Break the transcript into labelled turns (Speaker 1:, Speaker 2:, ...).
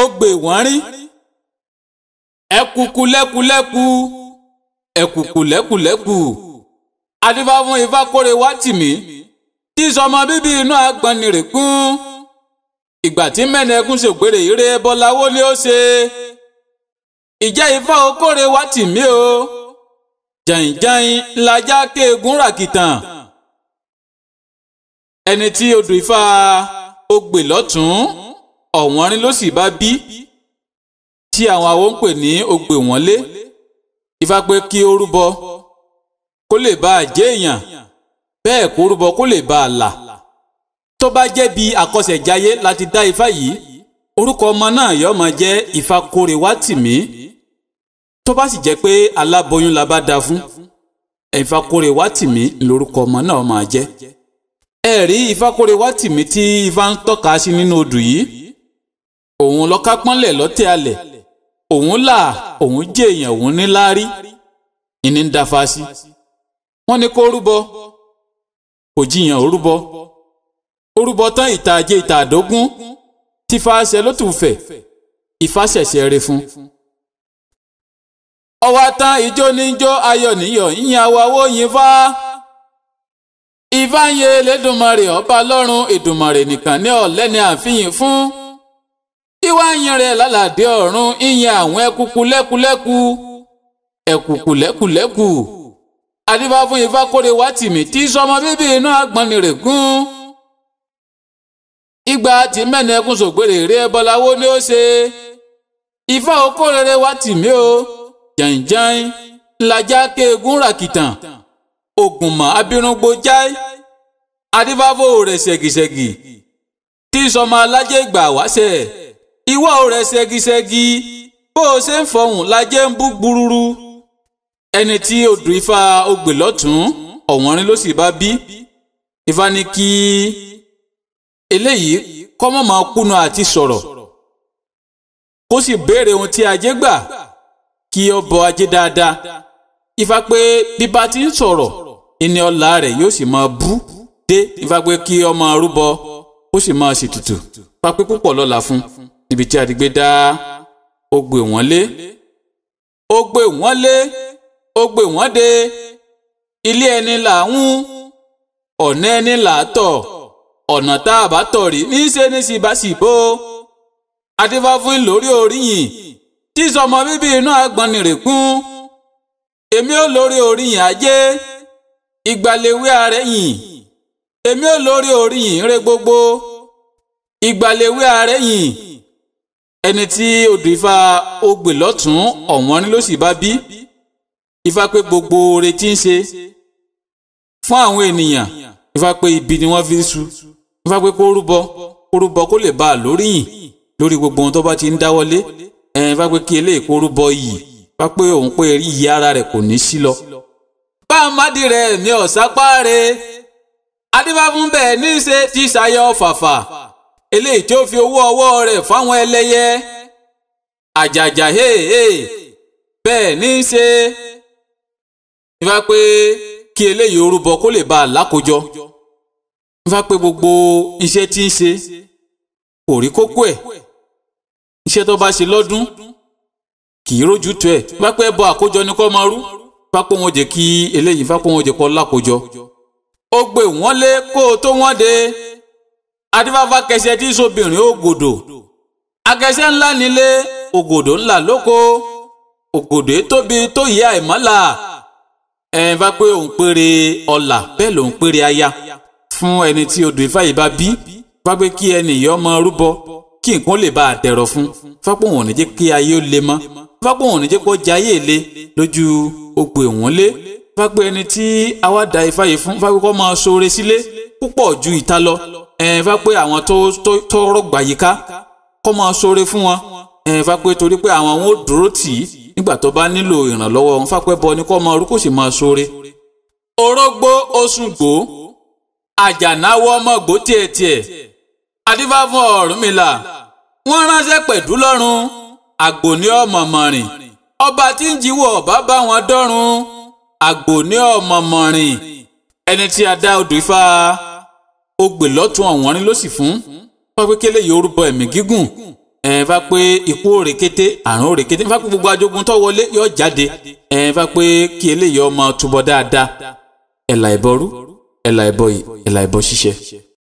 Speaker 1: ó gbè wọ́n rí ẹkùkù lẹ́kùlẹ́kù ẹkùkù lẹ́kùlẹ́kù adífá fún ifá kórè wá tì mí tí sọmọ bíbí inú agbanirèkún ìgbà tí mẹ́nà ẹkún ṣègbèrè ire bọ́lá ni ó ṣe ìjẹ́ ifá okóre wá tì mí o jàǹjàǹ lajá kéegun ràkìtàn ẹni tí odò ifá ó gbè lọ́tún ọ̀wọ́nrín ló sì bá bí tí àwọn awo ń pè ní ogbè wọ́n lé Ifá pé kí ó rúbọ kó lè bá a jẹ́ èèyàn bẹ́ẹ̀ kó rúbọ kó lè bá a là tó bá jẹ́ bí àkọsẹ̀jayé láti dá Ifá yìí orúkọ ọmọ náà yóò máa jẹ́ Ifákórewátìmí tó bá sì jẹ́ pé aláboyún la bá da fún Ifákórewátìmí lórúkọ ọmọ náà máa jẹ́ ẹ rí Ifákórewátìmí tí Ifá ń tọ́ka sí nínú odù yìí òun lọ́ka pọ́nlẹ̀ lọ́tẹ̀ alẹ̀ òun là òun jẹ́ èèyàn òun níláárí ìní ń da fasi wọ́n ní kó rúbọ kò jiyàn orúbọ orúbọ tán ìtàjẹ ìtàdógún tí fàṣẹ ló tù fẹ̀ ìfàṣẹ̀ṣẹ̀ rẹ̀ fún. ọwọ́ tán ìjó níjó ayọ̀ níyọ̀ yíyan awáwó yín fá. ìfáyín elédùnmarè ọba lọ́run èdùnmarè nìkan ní ọ̀lẹ́ni àfihàn fún wá ń yin rẹ̀ lálàdé ọ̀run ìyìn àwọn ẹkùkù lẹ́kùlẹ́kù ẹkùkù lẹ́kùlẹ́kù adífá fún ifá kórè wá tìmí tí sọmọ bíbí inú àgbọ̀nì rẹ̀ gún. ìgbà tí mẹ́ni ẹkún sògbèrè rí ẹ bọ́láwó ni ó ṣe ifá okó rere wá tìmí o jàǹjàǹ lajá kéegun ràkìtàn ògùnmọ̀ abirungbo jáì adífá fún òrẹ̀ ṣẹ̀gìṣẹ̀gì tí sọmọ alájẹ́ ìgbà wáṣẹ̀ ìwọ rẹ ṣẹgiṣẹgi bó o ṣe ń fọhùn lajẹ́ ń bú gbúrúrú ẹni tí odù ifá ogbè lọ́tún ọ̀wọ́nrín ló sì bá bí ifá ní kí eléyìí kọ́mọ́ máa kùnà àti sọ̀rọ̀ kó sì béèrè ohun tí ajé gbà kí ó bọ ajé dáadáa ifá pé bí bá ti ń sọ̀rọ̀ ìní ọlá rẹ̀ yóò sì máa bú dé ifá pé kí ọmọ arúbọ ó sì máa ṣètùtù pápẹ́ púpọ̀ lọ́la fún un níbi tí adigbe dá ó gbé wọ́n lé ó gbé wọ́n lé ó gbé wọ́n dé ilé ẹni là ń ọ̀nà ẹni là á tọ̀ ọ̀nà tá a bá tọ̀ rí níṣẹ́ ní síbáṣìbó adífáfún lórí oríyìn tí sọmọ bíbí inú àgbọn nìrèkún èmi ò lórí oríyìn ajé ìgbàlèwé àrẹ̀yìn èmi ò lórí oríyìn rẹ gbogbo ìgbàlèwé àrẹ̀yìn ẹni tí odò ifá ogbè lọ́tún ọ̀wọ́n ní ló sì bá bí ifá pé gbogbo oore tí ń ṣe fún àwọn ènìyàn ifá pé ibi ni wọ́n fi ń su ifá pé kó rúbọ kó rúbọ kó lè bá a lórí yìn lórí gbogbo ohun tó bá ti ń dáwọ́lé ẹ̀yìn ifá pé kí eléyìí kó rúbọ yìí ifá pé òun pé iyì ara rẹ̀ kò ní sí lọ. bá a má di rẹ̀ ní ọ̀sápá rẹ̀ adébáfúnbẹ̀ ní í ṣe ti ṣayọ fàfà eléyìí tí ó fi owó ọwọ́ rẹ̀ fáwọn ẹlẹ́yẹ àjàjà hèèhè bẹ́ẹ̀ ní í ṣe nípa pé kí eléyìí orúbọ kó lè bá a lákòjọ nípa pé gbogbo iṣẹ́ tí ń ṣe kò rí kókó ẹ̀ iṣẹ́ tó bá ṣe lọ́dún kì í rójú tu ẹ̀ nípa pé ẹbọ àkójọ ni kò máa rú nípa pé wọn jẹ́ kí eléyìí nípa pé wọn jẹ́ kó lákòjọ ó gbé wọn lé kó tó wọn dé adífáfá kẹsẹ tí sobìnrin ògòdò akẹsẹ ńlá nílé ògòdò ńlá lóko ògòdò tóbi tó yẹ àìmọ́là ẹ̀ ń bá pé òun péré ọlà bẹ́ẹ̀ lòun péré aya fún ẹni tí odò ifá yìí bá bí bá pé kí ẹnìyàn máa rúbọ kí nǹkan lè bá àtẹ̀rọ̀ fún fápò wọn ní jẹ́ kí ayé ó le mọ́ fápò wọn ò ní jẹ́ kó jayé le lójú òpè wọn lé fápò ẹni tí awádà ifá yìí fún fápò kó máa ṣoore sílé púpọ̀ ju ìta lọ ẹ fẹ́ pé àwọn tó tó tó rọgbà yíká kọ́ máa ṣoore fún wọn ẹ fẹ́ pé torí pé àwọn wọn ò dúró tì í nígbà tó bá nílò ìrànlọ́wọ́ ń fapẹ́ bọ ni kọ́ máa rú kò sì máa ṣoore. orógbó osùngbò àjànáwọ́ ọmọgbò tiẹ̀tiẹ̀ adífá fún Ọ̀rúnmìlà wọ́n ránṣẹ́ pẹ̀dú lọ́rùn àgbò ní ọ̀mọ̀mọ̀rìn ọba tí ń jíwọ́ ọ̀bá bá wọn dọ́rùn àgbò ní ọ̀mọ̀mọ̀rìn ẹni tí a dá odò ifá ó gbè lọ́tún ọ̀wọ́nrín ló sì fún wọ́n pé kélé yìí orúbọ ẹ̀mí gígùn ẹ̀ fà pé ikú òrèkété àrùn òrèkété fà pé gbogbo ajogun tó wọlé yọ jáde ẹ̀ fà pé kí eléyìí ọmọ túbọ̀ dáadáa ẹ̀là ìbọrú ẹ̀là ìbọyì ẹ̀là ìbọ ṣíṣe.